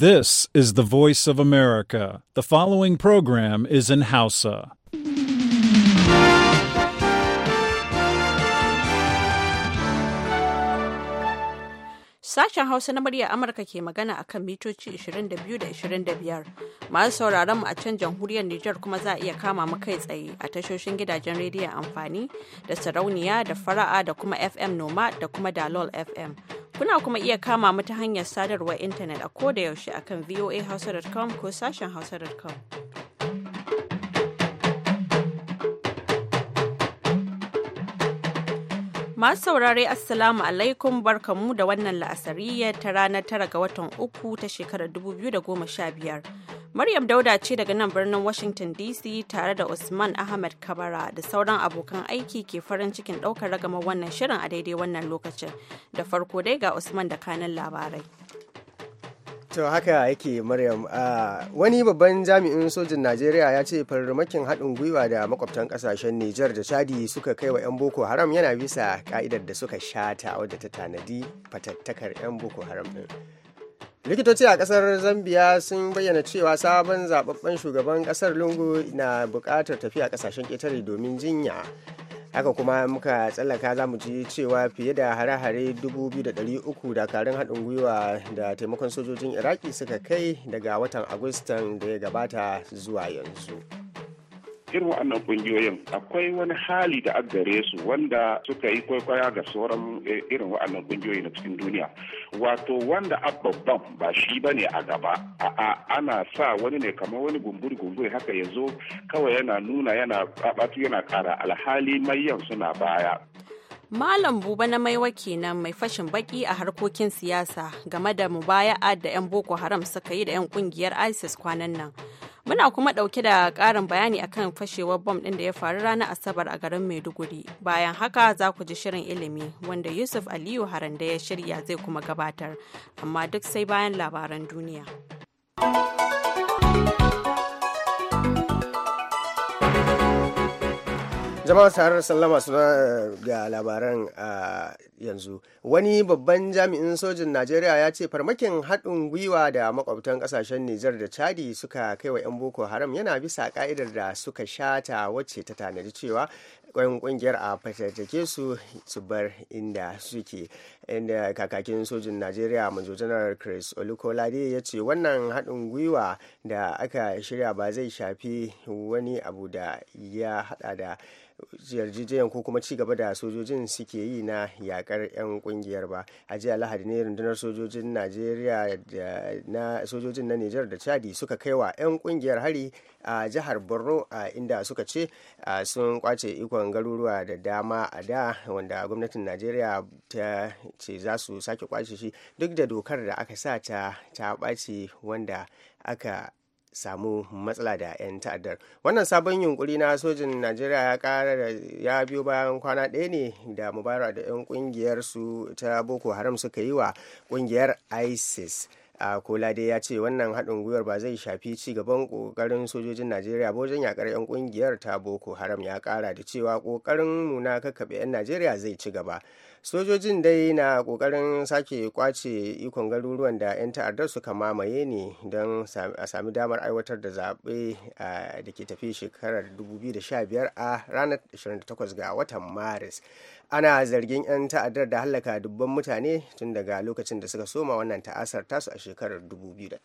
This is the voice of America. The following program is in Hausa. Sashen Hausa na murya Amurka ke magana a kan mitoci 22 da 25. Masu sauraron mu a can jamhuriyar Nijar kuma za a iya kama mu kai tsaye a tashoshin gidajen rediyon amfani da sarauniya da fara'a da kuma FM Noma da kuma Dalol FM. Kuna kuma iya kama mu ta hanyar sadarwar intanet a ko da yaushe akan voa voahausa.com ko sashen hausa.com. Masu saurare Assalamu alaikum barkamu da wannan la'asariya ta ranar tara ga watan uku ta shekarar 2015. Maryam Dauda ce daga nan birnin Washington DC tare da Usman Ahmad Kabara da sauran abokan aiki ke farin cikin ɗaukar ragamar wannan shirin a daidai wannan lokacin. Da farko dai ga Usman da kanan labarai. To haka yake Maryam. Ah, wani babban jami'in sojin Najeriya ya ce farmakin haɗin gwiwa da makwabtan ƙasashen Nijar da Chadi suka kai wa 'yan Boko Haram yana bisa ka'idar da suka shata wadda ta tanadi fatattakar 'yan Boko Haram ɗin. likitoci a kasar zambia sun bayyana cewa sabon zababben shugaban ƙasar lungu na bukatar tafiya ƙasashen ketare domin jinya haka kuma muka tsallaka za mu ji cewa fiye da hare-hare 2,300 dakarun haɗin gwiwa da taimakon sojojin iraki suka kai daga watan agustan da ya gabata zuwa yanzu. irin wannan kungiyoyin akwai wani hali da aka gare su wanda suka yi kwaikwaya ga sauran eh, irin waɗannan ƙungiyoyi na cikin duniya wato wanda a babban ba shi ba ne a gaba a'a ana sa wani ne kamar wani gumburi gumburi haka ya zo kawai yana nuna yana babatu yana kara alhali mayan suna baya Malam Buba na maiwa kenan mai fashin baki a harkokin siyasa game da mubaya'a da 'yan Boko Haram suka yi da 'yan kungiyar ISIS kwanan nan. Muna kuma ɗauke da ƙarin bayani akan fashewar bom ɗin da ya faru ranar Asabar a garin Maiduguri. Bayan haka za ku ji shirin ilimi wanda Yusuf Aliyu Haranda ya shirya zai kuma gabatar, amma duk sai bayan labaran duniya. Jama'a sarar sallama suna eh, ga labaran ah, yanzu wani babban jami'in sojin najeriya ya ce farmakin haɗin gwiwa da makwabtan ƙasashen nijar da chadi suka kai wa 'yan boko haram yana bisa ka'idar da suka shata wacce ta tanadi cewa ƙwayan ƙungiyar a fatattake su su bar inda suke inda kakakin sojin najeriya manjo janar chris olukolade ya ce wannan haɗin gwiwa da aka shirya ba zai shafi wani abu da ya haɗa da yarjejiyar ko kuma ci gaba da sojojin suke yi na yaƙa yakar 'yan kungiyar ba a jiya lahadi ne rundunar sojojin najeriya na sojojin na nijar da chadi suka kai wa 'yan kungiyar hari a jihar borno inda suka ce sun kwace ikon garuruwa da dama a da wanda gwamnatin najeriya ta ce za su sake kwace shi duk da dokar da aka sa ta ta ɓaci wanda aka samu matsala da 'yan ta'addar wannan sabon yunkuri na sojin najeriya ya kara ya biyo bayan kwana ɗaya ne da mubara da 'yan kungiyar su ta boko haram suka yi wa kungiyar isis a kolade ya ce wannan haɗin gwiwar ba zai shafi ci gaban ƙoƙarin sojojin najeriya ba wajen yakar 'yan ƙungiyar ta boko haram ya kara da cewa ƙoƙarin nuna kakkaɓe 'yan najeriya zai ci gaba sojojin dai na kokarin sake kwace ikon garuruwan da 'yan ta'addar suka mamaye ne don a sami damar aiwatar da zaɓe da ke tafi shekarar 2015 a ranar 28 ga watan maris ana zargin 'yan ta'addar da hallaka dubban mutane tun daga lokacin da suka soma wannan ta'asar tasu a shekarar 2009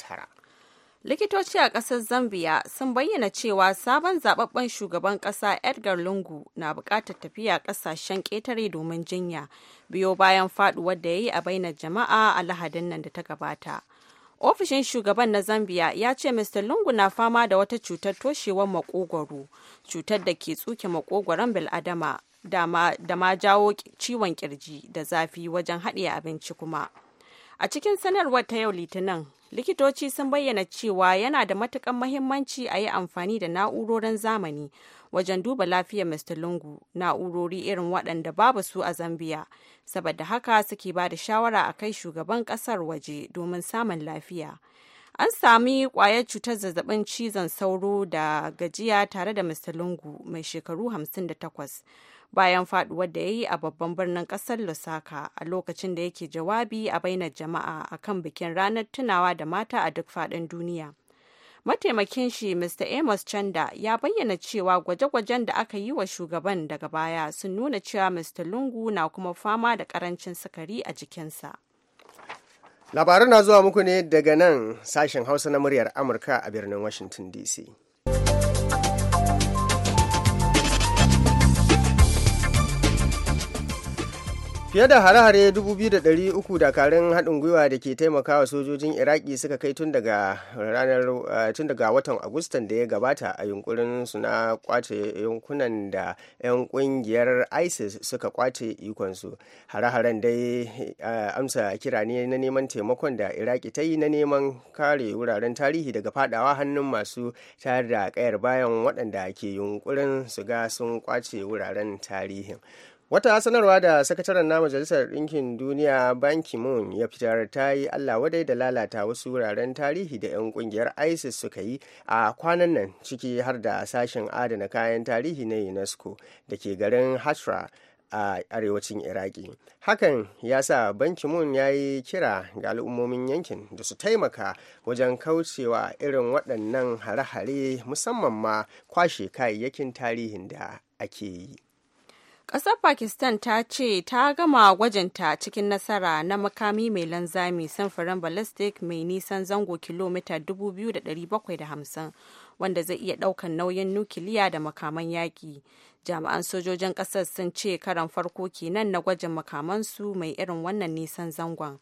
likitoci a ƙasar zambia sun bayyana cewa sabon zaɓaɓɓen shugaban ƙasa edgar lungu na buƙatar tafiya ƙasashen ƙetare domin jinya biyo bayan faɗuwar da ya yi a bainar jama'a a lahadin nan da ta gabata ofishin shugaban na zambia ya ce mr lungu na fama da wata cutar toshewar makogwaro cutar da ke tsuke makogwaron bil'adama da ma jawo ciwon kirji da zafi wajen haɗiye abinci kuma a cikin sanarwar ta yau litinin likitoci sun bayyana cewa yana da matukan mahimmanci a yi amfani da na'urorin zamani wajen duba lafiyar mr lungu na'urori irin waɗanda babu su a zambia saboda haka suke ba da shawara a kai shugaban ƙasar waje domin samun lafiya an sami kwayar cutar zazzabin cizon sauro da gajiya tare da mr lungu mai shekaru 58 bayan faduwar da ya yi a babban birnin kasar Lusaka a lokacin da yake jawabi a bainar jama'a a kan bikin ranar tunawa da mata a duk fadin duniya. Mataimakin shi Mr. Amos Chanda ya bayyana cewa gwaje-gwajen da aka yi wa shugaban daga baya sun nuna cewa Mr. Lungu na kuma fama da karancin sukari a jikinsa. labarin na zuwa muku ne daga nan sashen Hausa na muryar Amurka a birnin Washington DC. Fiye da hare-hare 2,300 dakarun haɗin gwiwa da ke taimakawa sojojin Iraki suka kai eh, tun daga watan Agustan da ya gabata a yunkurin su na kwace yankunan da 'yan kungiyar ISIS suka kwace ikonsu. Hare-haren dai eh, amsa kira ne na neman taimakon da Iraki ta yi na neman kare wuraren tarihi daga fadawa hannun masu tayar da kayar bayan waɗanda ke yunkurin su ga sun kwace wuraren tarihin. Wata sanarwa da sakataren na Majalisar Ɗinkin Duniya Ban Ki-moon ya fitar ta yi Allah wadai da lalata wasu wuraren tarihi da 'yan kungiyar ISIS suka yi a kwanan nan ciki har da sashen adana kayan tarihi na UNESCO da ke garin Hashra a arewacin Iraki. Hakan ya sa Ban Ki-moon ya yi kira ga al'ummomin yankin da su taimaka wajen kaucewa irin waɗannan hare-hare musamman ma kwashe kayayyakin tarihin da ake yi. Ƙasar Pakistan ta ce ta gama gwajinta cikin nasara na makami mai lanzami samfurin ballistic mai nisan zango kilomita 2,750 wanda zai iya ɗaukan nauyin nukiliya da makaman yaƙi. Jami'an sojojin ƙasar sun ce karan farko kenan na gwajin makamansu mai irin wannan nisan zangon.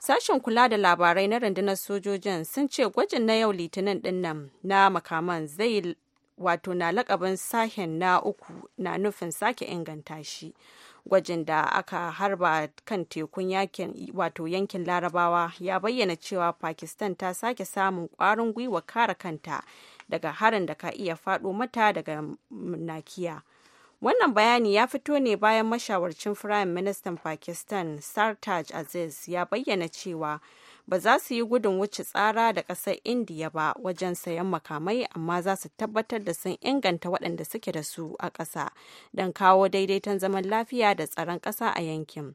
Sashen kula da labarai na rundunar sojojin sun ce gwajin na yau litinin dinnan na makaman zai wato na lakabin sahen na uku na nufin sake inganta shi gwajin da aka harba kan tekun yakin wato yankin larabawa ya bayyana cewa pakistan ta sake samun kwarin gwiwa kare kanta daga harin da ka iya fado mata daga nakiya wannan bayani ya fito ne bayan mashawarcin firayim ministan pakistan sartaj aziz ya bayyana cewa ba za su yi gudun wuce tsara da ƙasar indiya ba wajen sayan makamai amma za su tabbatar da sun inganta waɗanda suke da su a ƙasa don kawo daidaiton zaman lafiya da tsaron ƙasa a yankin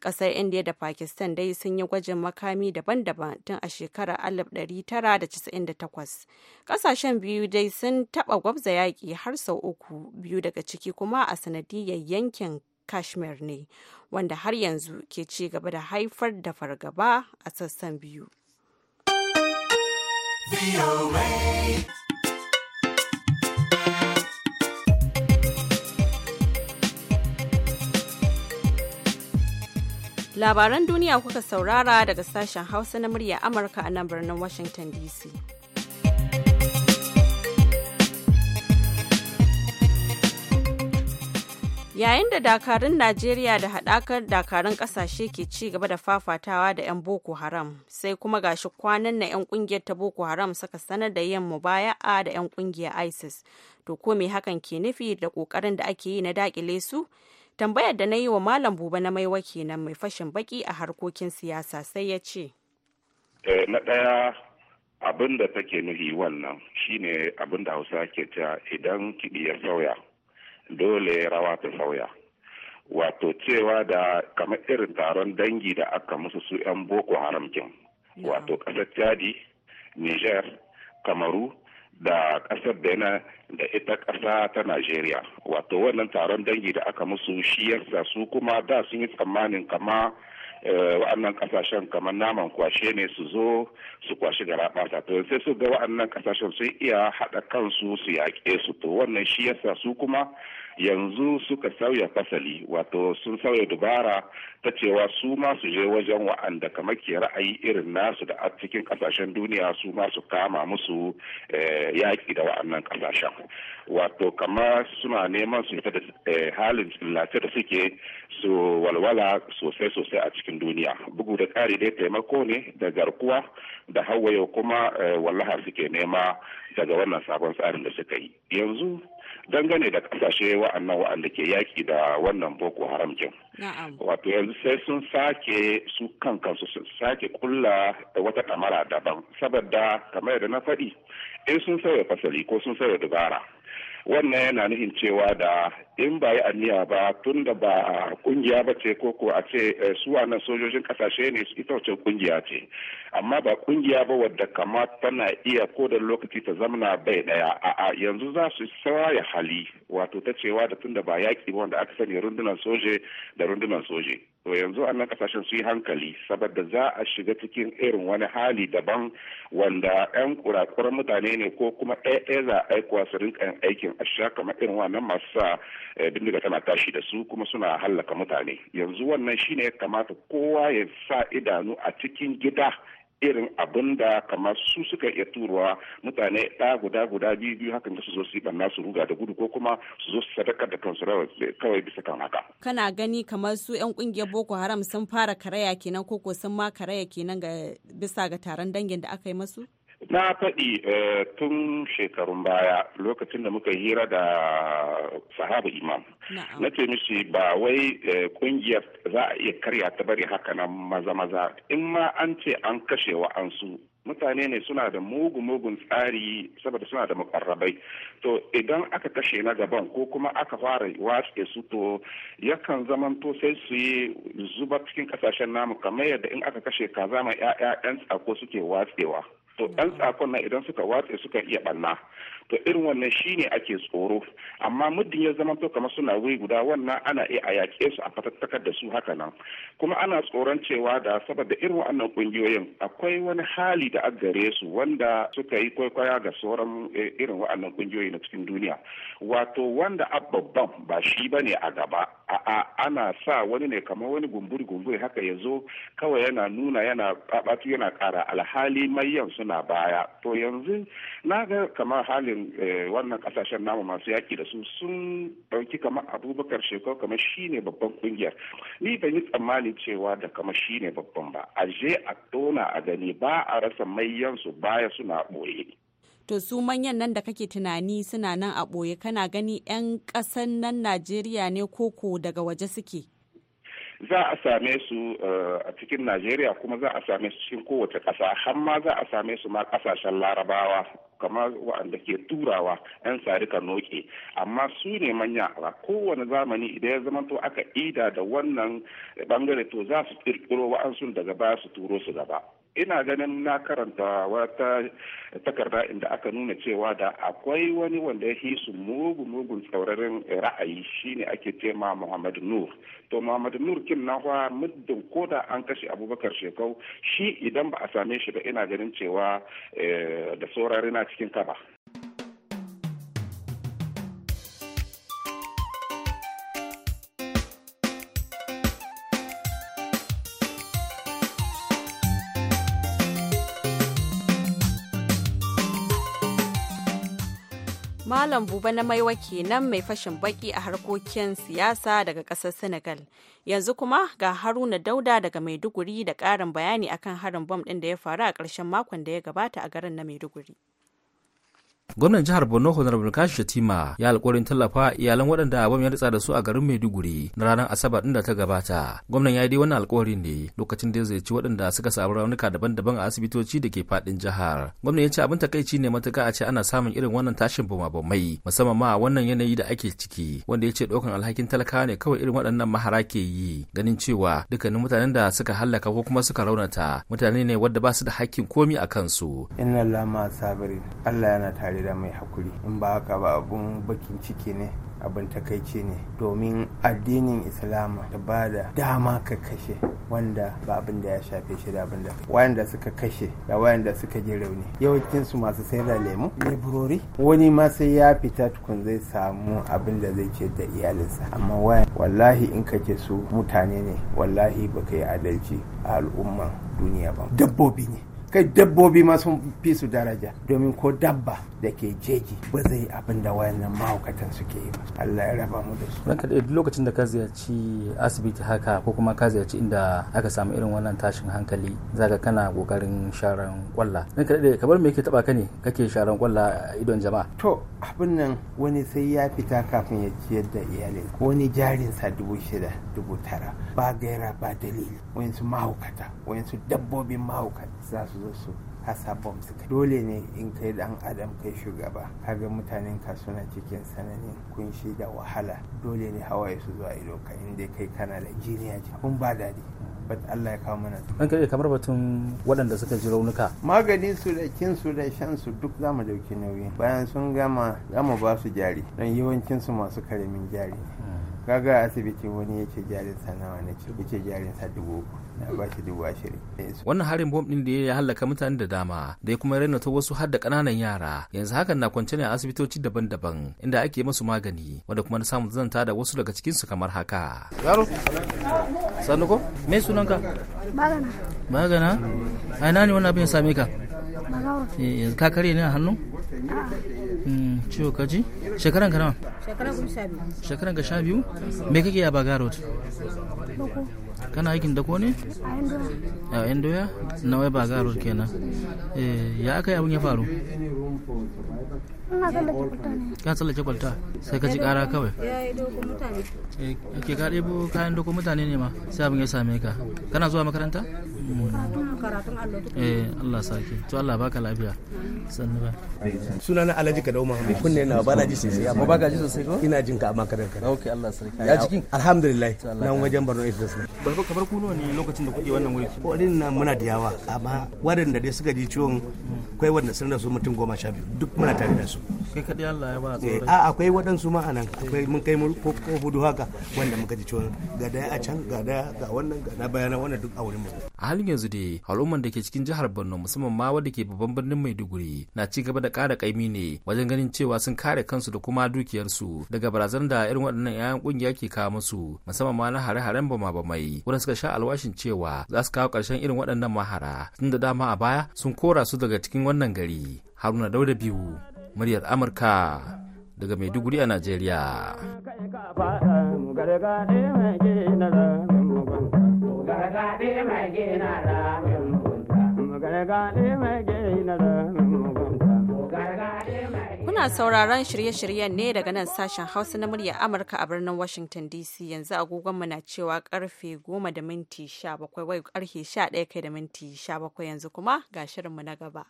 ƙasar indiya da pakistan dai sun yi gwajin makami daban-daban tun a shekarar 1998 ƙasashen biyu dai sun taɓa gwabza yaƙi har sau uku biyu daga ciki kuma a sanadiyyar yankin kashmir ne wanda har yanzu ke ci gaba da haifar da fargaba a sassan biyu labaran duniya kuka saurara daga sashen hausa na murya amurka a nan birnin washington dc yayin da dakarun najeriya da haɗakar dakarun kasashe ke ci gaba da fafatawa da 'yan boko haram sai kuma gashi kwanan na 'yan kungiyar ta boko haram suka sanar da yin mubaya'a da 'yan kungiyar isis to ko me hakan ke nufi da kokarin da ake yi na dakile su tambayar da na yi wa malam buba na maiwa kenan mai fashin baki a harkokin siyasa sai ya ce eh, na ɗaya abin da take nufi wannan shine abin da hausa ke ta idan kiɗi ya sauya dole rawa ta sauya wato cewa da kamar irin taron dangi da aka musu su 'yan boko haram kin wato ƙasar chadi niger kamaru da ƙasar benin da ita ƙasa ta nigeria wato wannan taron dangi da aka musu shi yasa su kuma da sun yi tsammanin kama Eh, wa'annan kasashen kamar naman kwashe ne su zo su kwashi gara bata to sai su ga wa'annan kasashen sun iya haɗa kansu su yaƙe su to wannan shi yasa su kuma yanzu suka sauya fasali wato sun sauya dubara ta cewa su ma su je wajen wa'anda kamar ke ra'ayi irin nasu da a cikin kasashen duniya su ma su kama musu eh, yaƙi da wa'annan kasashen wato kamar suna neman su fita da eh, halin lafiya da suke su walwala sosai sosai a cikin duniya bugu da ƙari dai taimako ne da garkuwa da hawaye kuma eh, wallaha suke nema daga wannan sabon tsarin da suka yi yanzu dangane da kasashe wa'annan wa'anda ke yaki da wannan boko haram jin wato yanzu sai sun sake su kan kansu sun sake kulla wata kamara daban saboda kamar da na faɗi in sun sauya fasali ko sun sauya dubara wannan yana nufin cewa da in ba yi aniya ba tun da ba kungiya ba ce ko ko a ce eh, su wannan sojojin kasashe ne su ita ce kungiya ce amma ba kungiya ba wadda kama tana iya ko da lokaci ta zamana bai daya a'a yanzu za su sauya hali wato ta cewa da tun da ba yaƙi ba wanda aka sani rundunar soje da rundunar soje to yanzu a nan kasashen su yi hankali saboda za a shiga cikin irin wani hali daban wanda 'yan kurakuran mutane ne ko kuma ɗaya za a aikuwa su rinka aikin a sha kamar irin wannan masu sa eh, bindiga tana tashi da su kuma suna hallaka mutane yanzu wannan shine ya kamata kowa ya sa idanu a cikin gida irin abin da kamar su suka iya turuwa mutane ta guda guda biyu biyu hakan da su zo su yi su ruga da gudu ko kuma su zo su sadaka da kansu kawai bisa kan haka. Kana gani kamar su 'yan ƙungiyar Boko Haram sun fara karaya kenan ko sun ma karaya kenan bisa ga taron dangin da aka yi masu? na faɗi eh, tun shekarun baya lokacin da muka hira da sahaba imam na ce mishi ba wai kungiyar eh, za a iya karya ta bari haka nan maza-maza in ma an ce an kashe wa'ansu mutane ne suna da mugu-mugun tsari saboda suna da makarrabai to idan aka kashe na gaban ko kuma aka fara watsa su to yakan to sai su yi zuba cikin kasashen namu kamar yadda in aka kashe kaza ma 'ya'ya 'yan tsako suke watsewa to yan tsafon na idan suka watse suka iya ɓanna to irin wannan shi shine ake tsoro amma muddin ya zama to kamar suna wuri guda wannan ana iya a yaƙe su a fatattakar da su haka nan kuma ana tsoron cewa da saboda irin wannan kungiyoyin akwai wani hali da aka gare su wanda suka yi kwaikwaya ga sauran eh, irin wa'annan ƙungiyoyi na cikin duniya wato wanda babban ba shi bane a gaba a'a ana sa wani ne kamar wani gumburi gumburi haka ya zo kawai yana nuna yana babatu yana kara alhali mayan suna baya to yanzu na ga kamar hali irin eh, wannan kasashen namu masu yaki da su sun ɗauki kamar abubakar shekau kamar ne babban kungiyar ni ban yi tsammani cewa da kamar ne babban ba a je a tona a gani ba a rasa mayan su baya suna ɓoye to su manyan nan da kake tunani suna nan a ɓoye kana gani 'yan ƙasan nan najeriya ne koko daga waje suke za a same su eh, a cikin najeriya kuma za a same su cikin kowace ƙasa har ma za a same su ma ƙasashen larabawa kamar waɗanda ke turawa 'yan sarika noke amma su ne manya a kowane zamani idan ya zama to aka ida da wannan bangare to za su ƙirƙiro wa'ansu daga baya su turo su gaba ina ganin na karanta wata takarda inda aka nuna cewa da akwai wani wanda ya hisu mugun mugun tsauraren ra'ayi shine ake cema muhammadu Muhammad Nur to Muhammad Nur kin na fa muddin da an kashe Abubakar Shekau shi idan ba a same shi ba ina ganin cewa eh, da saurari na cikin kaba wannan Buba na Maiwa kenan mai fashin baki a harkokin siyasa daga kasar Senegal. Yanzu kuma ga Haruna Dauda daga Maiduguri da karin bayani akan harin bom ɗin da ya faru a ƙarshen makon da ya gabata a garin na Maiduguri. gwamnan jihar borno honorable kashi shatima ya alkawarin tallafa iyalan waɗanda abin ya ritsa da su a garin maiduguri na ranar asabar din da ta gabata gwamnan ya yi dai wannan alkawarin ne lokacin da ya ziyarci waɗanda suka samu raunuka daban-daban a asibitoci da ke faɗin jihar gwamnan ya ce abin takaici ne matuka a ce ana samun irin wannan tashin bumabumai musamman ma a wannan yanayi da ake ciki wanda ya ce ɗaukan alhakin talakawa ne kawai irin waɗannan mahara ke yi ganin cewa dukkanin mutanen da suka hallaka ko kuma suka raunata mutane ne wadda ba su da hakkin komi a kansu. Inna Allah Allah yana tare tare da mai hakuri in ba haka ba abun bakin ciki ne abin takaici ne domin addinin islam ta ba da dama ka kashe wanda ba abin da ya shafe shi da abin da wayanda suka kashe da wayanda suka ji rauni yawancinsu masu sai da lemu leburori wani ma sai ya fita tukun zai samu abin da zai ce da iyalinsa amma waya wallahi in ka ce su mutane ne wallahi baka yi adalci a al'umman duniya ba dabbobi ne kai dabbobi ma sun fi su daraja domin ko dabba da ke jeji ba zai yi abin da wayannan mahaukatan suke yi ba Allah ya raba mu da su ranka lokacin da ka ziyarci asibiti haka ko kuma ka ziyarci inda aka samu irin wannan tashin hankali zaka kana kokarin sharan kwalla ranka da kamar me yake taba ka ne kake sharan kwalla idon jama'a to abin nan wani sai ya fita kafin ya ciyar da iyalin ko wani jarinsa dubu shida dubu tara ba gaira ba dalili wayansu mahaukata wayansu dabbobin mahaukata za su zo su hasa bombs dole ne in kai dan adam kai shugaba kaga mutanen ka suna cikin sananin kunshi da wahala dole ne hawaye su zuwa ido ka inda kai kana da jiniya kun ba dadi bat Allah ya kawo mana an kai kamar batun waɗanda suka ji raunuka magani su da kin su da shan su duk zamu dauki nauyi bayan sun gama zamu ba su jari don yawancin su masu karamin jari hmm. kaga asibiti wani yake jarin sa wani nake yake jarin sa dubu na ba shi dubu ashirin wannan harin bom din da ya halaka mutane da dama da ya kuma ta wasu har da kananan yara yanzu hakan na kwance ne a asibitoci daban-daban inda ake masu magani wanda kuma na samu zanta da wasu daga cikin su kamar haka yaro sannu ko me sunanka magana magana ai nani wannan abin ya same ka eh, yanzu ka kare ne a hannu ciwo kaji shekaran ka nawa shekaran ka sha biyu me kake a baga road kana aikin ko ne a yan doya na wai baga road kenan eh, ya aka yi abin ya faru ka tsallake kwalta sai ka ji kara kawai eh, ke ka ɗebo kayan doko mutane ne ma sai abin ya same ka kana zuwa makaranta karatun allo eh Allah sake to Allah baka lafiya suna na alhaji kadau muhammad kunne na ba na ji sosai amma ba ga ji sosai ko ina jin ka amma kadan kadan okay Allah sarki ya jikin alhamdulillah na wajen barno Idris ne baba kamar ku ne lokacin da kuke wannan wuri ko din na muna da yawa amma wadanda dai suka ji ciwon akwai wanda sun rasu mutum goma sha biyu duk muna tare da su kai kadai Allah ya ba tsoro eh, a akwai waɗansu ma anan akwai mun kai ko hudu haka wanda muka ji ciwon ga daya a can ga da ga wannan ga na bayana wannan duk a wurin mu a halin yanzu dai al'umman da ke cikin jihar Borno musamman ma wanda ke babban birnin Maiduguri na ci gaba da ƙara ƙaimi ne wajen ganin cewa sun kare kansu da kuma dukiyarsu daga barazanar da irin waɗannan 'ya'yan ƙungiya ke kawo musu musamman ma na hare-haren bama-bamai wurin suka sha alwashin cewa za su kawo ƙarshen irin waɗannan mahara tun da dama a baya sun kora su daga cikin wannan gari haruna dauda biyu muryar amurka daga maiduguri a najeriya gargaɗe mai gina ramin Kuna sauraron shirye-shiryen ne daga nan sashen Hausa na murya Amurka a birnin Washington DC yanzu agogonmu na cewa karfe 10 da minti 17 wai karfe 11 kai da minti 17 yanzu kuma ga shirinmu na gaba.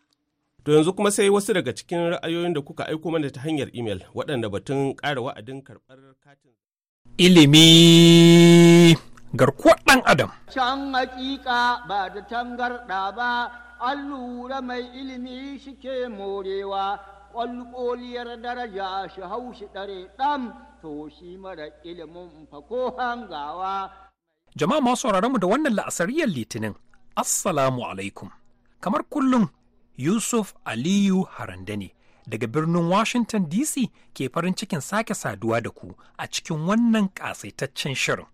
To yanzu kuma sai wasu daga cikin ra'ayoyin da kuka aiko mana ta hanyar imel waɗanda batun ƙara wa'adin karɓar katin. Ilimi garkuwar ɗan adam. Can hakika ba da tangarɗa ba, an lura mai ilimi shi ke morewa, ƙwalƙoliyar daraja shi hau shi ɗare ɗan to shi mara ilimin fako hangawa. Jama'a masu mu da wannan la'asariyar litinin, Assalamu alaikum. Kamar kullum, Yusuf Aliyu Harandani. daga birnin Washington DC ke farin cikin sake saduwa da ku a cikin wannan ƙasaitaccen shirin.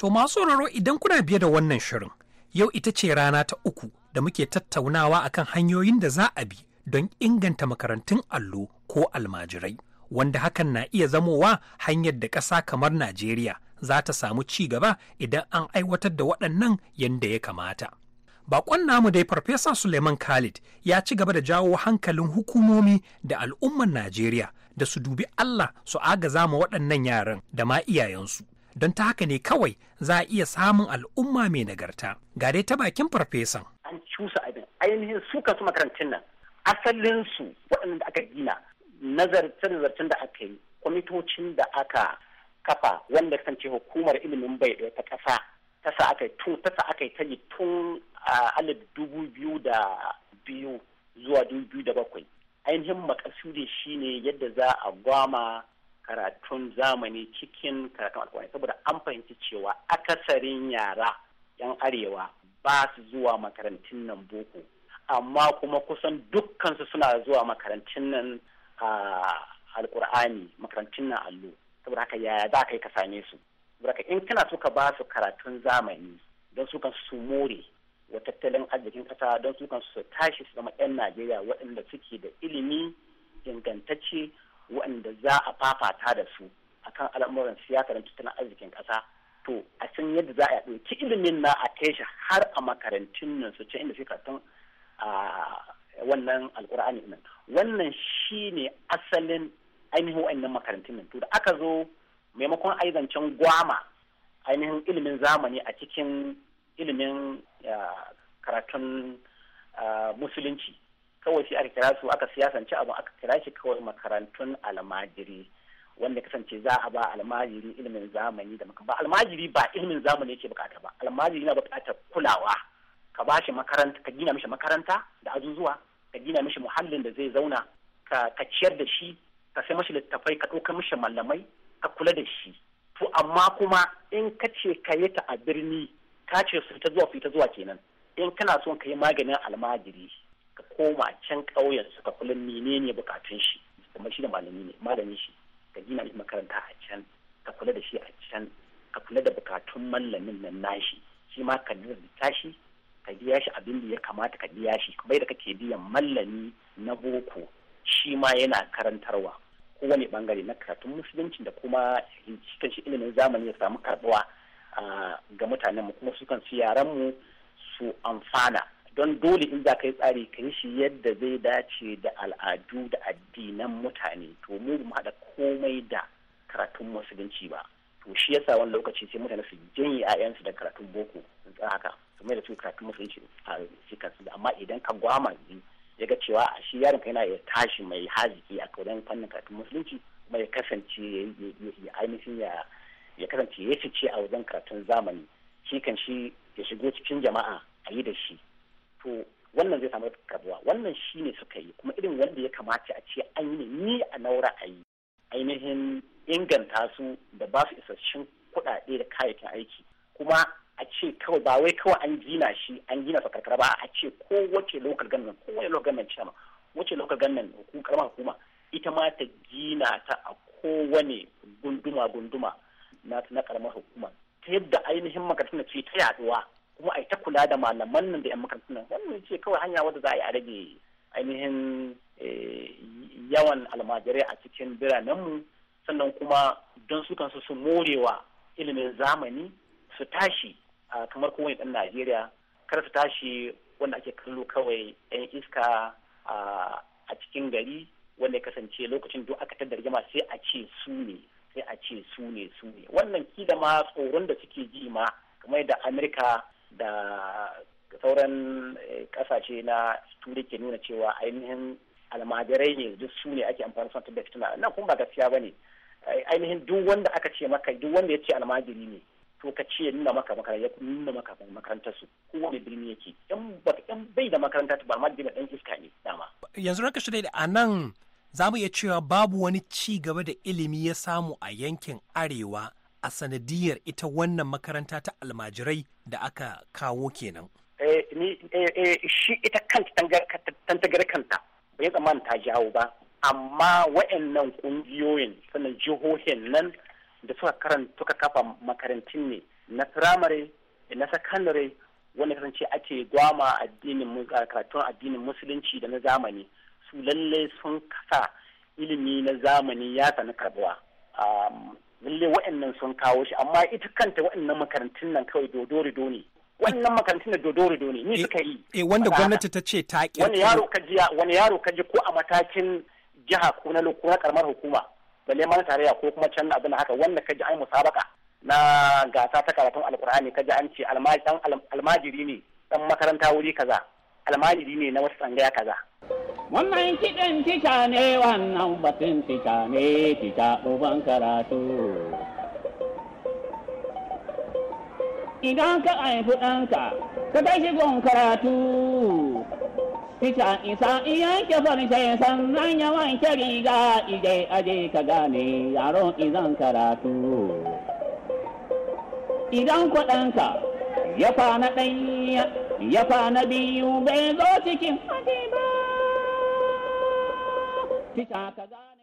To masu sauraro idan kuna biye da wannan shirin, yau ita ce rana ta uku da muke tattaunawa akan hanyoyin da za a bi don inganta makarantun allo ko almajirai, wanda hakan na iya zamowa hanyar da ƙasa kamar Najeriya za ta samu ci gaba idan an aiwatar da waɗannan yadda ya kamata. Baƙon namu dai Farfesa Suleiman Khalid ya ci gaba da jawo hankalin hukumomi da al'ummar Najeriya da su dubi Allah su agaza ma waɗannan yaran da ma iyayensu. don ta haka ne kawai za a iya samun al'umma mai nagarta ga dai ta bakin farfesan an cusa abin ainihin su kasu makarantun nan asalinsu waɗanda aka gina nazarce-nazarcen da aka yi kwamitocin da aka kafa wanda kasance hukumar ilimin bai ɗaya ta ƙasa ta sa aka tun ta sa aka yi ta yi tun a alif dubu biyu da biyu zuwa dubu biyu da bakwai ainihin makasudi shine yadda za a gwama karatun zamani cikin karatun alkurani saboda an fahimci cewa akasarin yara yan arewa ba su zuwa makarantun nan boko amma kuma kusan dukkansu suna zuwa makarantun nan alkur'ani makarantun nan allo saboda haka yaya za ka yi ka same su saboda in kana so ka ba su karatun zamani don su kan su more wa tattalin arzikin kasa don su kan su tashi su zama 'yan najeriya waɗanda suke da ilimi ingantacce waɗanda za a fafata da su akan al'amuran siyasa da tattalin arzikin ƙasa to a san yadda za a ɗauki ilimin na a kai har a makarantun nan su da inda suka tun wannan alkur'ani nan wannan shine asalin ainihin wa'annan makarantun nan to da aka zo maimakon aizancen gwama ainihin ilimin zamani a cikin ilimin karatun musulunci kawai sai aka kira su aka siyasance abu aka kira shi kawai makarantun almajiri wanda kasance za a ba almajiri ilimin zamani da ba almajiri ba ilimin zamani yake bukata ba almajiri na bukatar kulawa ka ba shi makaranta ka gina mishi makaranta da azuzuwa ka gina mishi muhallin da zai zauna ka ciyar da shi ka sai mashi littafai ka ɗaukar mishi malamai ka kula da shi to amma kuma in ka ce ka yi ta a birni ka ce su ta zuwa fita zuwa kenan in kana son ka yi maganin almajiri suka koma can ƙauyen suka kula ne bukatun shi kuma shi da malami ne malami shi ka gina shi makaranta a can ka kula da shi a can ka kula da bukatun mallamin nan nashi shi ma ka rubuta shi ka biya shi abin da ya kamata ka biya shi kuma da kake biyan mallami na boko shi ma yana karantarwa kowane bangare na karatun musulunci da kuma cikin shi ilimin zamani ya samu karbuwa ah, ga mutanen mu kuma su kan su yaran mu su amfana don dole in za ka yi tsari ka yi shi yadda zai dace da al'adu da addinan mutane to mu mu haɗa komai da karatun musulunci ba to shi yasa wani lokaci sai mutane su janye 'ya'yansu da karatun boko sun tsaya haka su mai da su karatun musulunci a cikinsu amma idan ka gwama ya ga cewa a shi yaron yana ya tashi mai haziki a kaudan fannin karatun musulunci kuma ya kasance ya ainihin ya ya kasance ya fice a wajen karatun zamani shi kan shi ya shigo cikin jama'a a yi da shi to wannan zai samu karbuwa wannan shi ne suka yi kuma irin wanda ya kamata a ce an yi ni a naura a yi ainihin inganta su da ba su isasshen kuɗaɗe da kayayyakin aiki kuma a ce kawai ba wai kawai an gina shi an gina su karkara ba a ce ko wace local government ko wani local government chairman wace local government hukumar hukuma ita ma ta gina ta a kowane gunduma gunduma na na karamar hukuma ta yadda ainihin makarantun ce ta yaduwa kuma a yi ta kula da malaman nan da 'yan makarantun nan wannan ce kawai hanya wadda za a yi a rage ainihin eh, yawan almajirai a cikin biranenmu sannan kuma don su kansu su morewa ilimin zamani su tashi a kamar kowane ɗan najeriya kar su tashi wanda ake kallo kawai 'yan iska a cikin gari wanda ya kasance lokacin duk aka tada jama sai a ce su ne sai a ce su ne su ne wannan kila ma tsoron da suke ji ma kamar yadda amurka da sauran eh, kasashe na turai ke nuna cewa ainihin almajirai ne duk su ne ake amfani son da fitina nan kuma ba gaskiya ba ne eh, ainihin duk wanda aka ce maka duk wanda ya ce almajiri ne to ka ce nuna maka makaranta ya nuna maka makarantar su kowane birni yake yan ba yan bai da makaranta ba ma da dan iska ne dama yanzu ranka shi da anan za mu iya cewa babu wani ci gaba da ilimi ya samu a yankin arewa a sanadiyar ita wannan makaranta ta almajirai da aka kawo kenan. Eh, eh, eh, shi ita kanta kanta bai tsammanin ta jawo ba amma waɗannan ƙungiyoyin sannan jihohin nan da suka karanta kafa makarantun ne na firamare na sakandare wanda kasance ake gwama addinin karatun addinin musulunci da na zamani su lalle sun kasa ilimi na zamani ya sani karbuwa lalle wa'annan sun kawo shi amma ita kanta wa'annan makarantun nan kawai do ne wannan makarantun da do ne ni eh, suka yi eh wanda gwamnati ta ce ta ƙi wani yaro ka ji wani yaro ka ji ko a matakin jiha ko na ko na karamar hukuma balle ma tarayya ko kuma can abin haka wanda ka ji ai musabaka na gasa ta karatun alkur'ani ka ji an ce almajiri ne dan makaranta wuri kaza almajiri ne na wasu tsangaya kaza wannan kiɗin tica ne wannan batun tica ne tica ɗuban karatu idan ka haifi ɗanka ka tashi gun karatu tica isa iya ke farce sannan ya wanke riga ije aje ka gane yaro izan karatu idan kuɗanka ya kwana ɗanya ya نبي biyu bai zo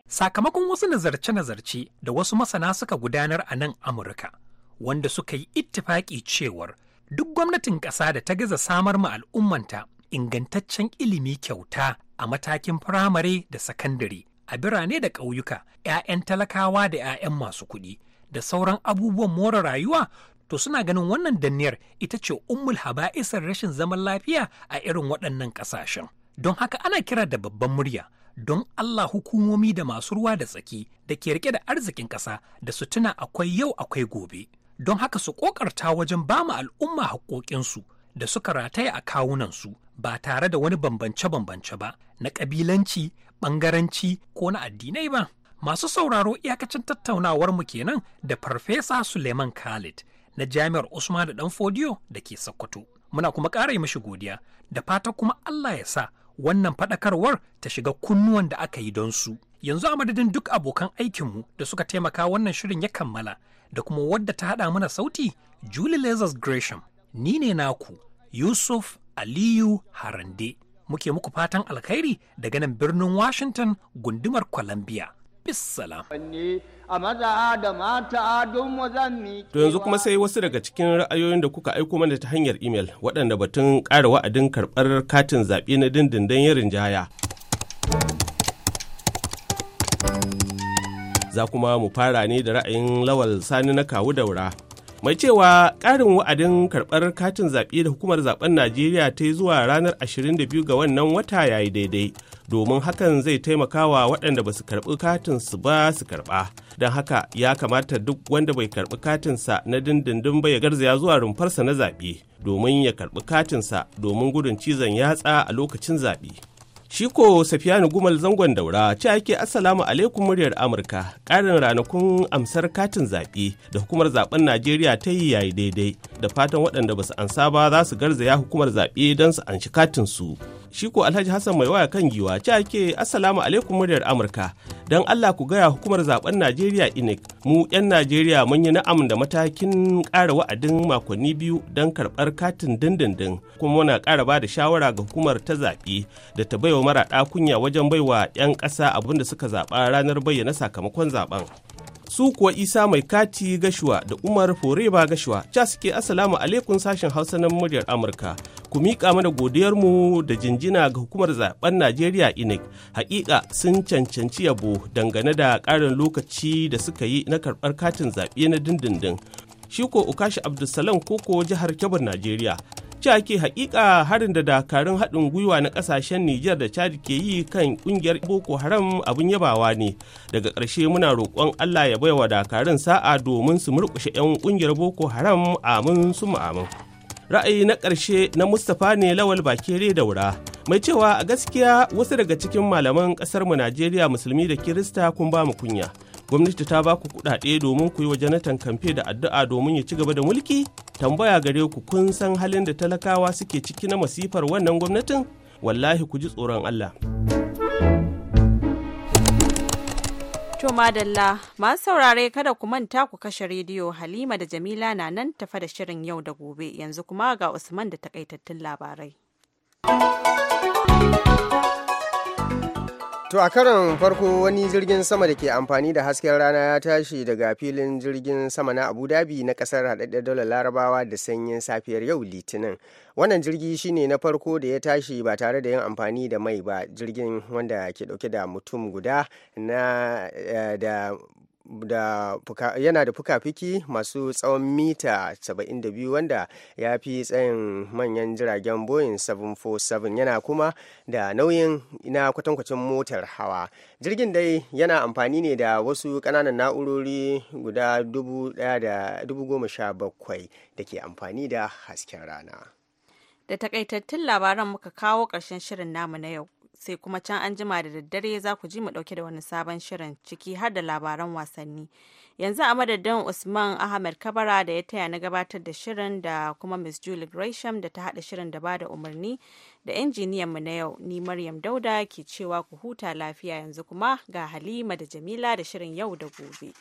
Sakamakon wasu nazarce-nazarce da wasu masana suka gudanar a nan Amurka, wanda suka yi ittifaƙi cewar duk gwamnatin ƙasa da ta gaza samar ma al'ummanta ingantaccen ilimi kyauta a matakin firamare da sakandare a birane da ƙauyuka 'ya'yan talakawa da 'ya'yan masu kuɗi da sauran abubuwan more rayuwa to suna ganin wannan danniyar ita ce ummul haba'isar rashin zaman lafiya a irin waɗannan ƙasashen don haka ana kira da babban murya don Allah hukumomi da masu ruwa da tsaki da ke rike da arzikin ƙasa da su tuna akwai yau akwai gobe don haka su ƙoƙarta wajen ba mu al'umma haƙoƙinsu da suka rataya a kawunansu ba tare da wani bambance-bambance ba na ƙabilanci ɓangaranci ko na addinai ba masu sauraro iyakacin tattaunawar mu kenan da farfesa suleiman khalid na jami'ar Usman da ɗan fodiyo da ke Sokoto. Muna kuma ƙara yi mashi godiya da fata kuma Allah ya sa wannan faɗakarwar ta shiga kunnuwan da aka yi don su. Yanzu a madadin duk abokan aikinmu da suka taimaka wannan shirin ya kammala da kuma wadda ta haɗa mana sauti Julie Lazarus Gresham. Ni ne naku Yusuf Aliyu Harande. Muke muku fatan alkhairi daga nan birnin Washington gundumar Columbia. bissalam. To yanzu kuma sai wasu daga cikin ra'ayoyin da kuka aiko mana ta hanyar imel waɗanda batun ƙara wa'adin karɓar katin zaɓe na dindindin ya rinjaya. Za kuma mu fara ne da ra'ayin lawal sani na kawu daura. Mai cewa ƙarin wa'adin karɓar katin zaɓe da hukumar zaɓen Najeriya ta yi zuwa ranar 22 ga wannan wata yayi daidai. domin hakan zai taimakawa waɗanda ba su karɓi katinsu ba su karɓa don haka ya kamata duk wanda bai karɓi katinsa na dindindin ba ya garzaya zuwa rumfarsa na zaɓe domin ya karɓi katinsa domin gudun cizon yatsa a lokacin zaɓe Shiko ko safiyanu gumal zangon daura ci ake assalamu alaikum muryar amurka Karin ranakun amsar katin zaɓe da hukumar zaben najeriya ta yi yayi daidai da fatan waɗanda ba su ansa ba za su garzaya hukumar zaɓe don su anshi katinsu shi ko alhaji hassan mai waya kan giwa ci ake assalamu alaikum muryar amurka don allah ku gaya hukumar zaben najeriya inec mu 'yan najeriya mun yi na'am da matakin ƙara wa'adin makonni biyu don karɓar katin dindindin kuma muna ƙara ba da shawara ga hukumar ta zaɓe da ta baiwa maraɗa kunya wajen baiwa 'yan ƙasa abin da suka zaɓa ranar bayyana sakamakon zaben su kuwa isa mai kati gashuwa da umar foreba gashuwa ca suke asalamu alaikum sashen hausa na muryar amurka ku miƙa mana godiyarmu da jinjina ga hukumar zaben najeriya inec hakika sun cancanci yabo dangane da ƙarin lokaci da suka yi na karɓar katin zaɓe na dindindin shi ko ukashi abdulsalam koko jihar kebbi najeriya ci ke hakika harin da dakarun haɗin gwiwa na ƙasashen Nijar da Chad ke yi kan ƙungiyar Boko Haram abin yabawa ne. Daga ƙarshe muna roƙon Allah ya baiwa dakarun sa'a domin su murƙushe 'yan ƙungiyar Boko Haram amin su amin. Ra'ayi na ƙarshe na Mustapha ne Lawal Bakere da wura. Mai cewa a gaskiya wasu daga cikin malaman ƙasarmu Najeriya musulmi da Kirista kun ba mu kunya. gwamnati ta ba ku kuɗaɗe domin ku yi wa janatan kamfe da addu'a domin ya ci gaba da mulki tambaya gare ku kun san halin da talakawa suke ciki na masifar wannan gwamnatin wallahi ku ji tsoron allah To madalla masu saurare kada ku manta ku kashe rediyo Halima da Jamila na nan tafa da shirin yau da gobe yanzu kuma ga Usman da takaitattun labarai. To a karon farko wani jirgin sama da ke amfani da hasken rana ya tashi daga filin jirgin sama na Abu Dhabi na kasar haɗaɗɗen dole larabawa da sanyin safiyar yau litinin. Wannan jirgi shine na farko da ya tashi ba tare da yin amfani da mai ba jirgin wanda ke ɗauke da mutum guda na eh, da da yana da fuka-fiki masu tsawon mita 72 wanda ya fi tsayin manyan jiragen boyin 747 yana kuma da nauyin na kwatankwacin motar hawa jirgin dai yana amfani ne da wasu kananan na'urori guda 17,000 da ke amfani da hasken rana da takaitattun labaran muka kawo ƙarshen shirin namu na yau sai kuma can an jima da daddare za ku ji mu ɗauke da wani sabon shirin ciki har da labaran wasanni yanzu a madadin usman ahmed kabara da ya taya na gabatar da shirin da kuma miss julie gresham da ta haɗa shirin da bada umarni da injiniyan mu na yau ni maryam dauda ke cewa ku huta lafiya yanzu kuma ga halima da jamila da shirin yau da gobe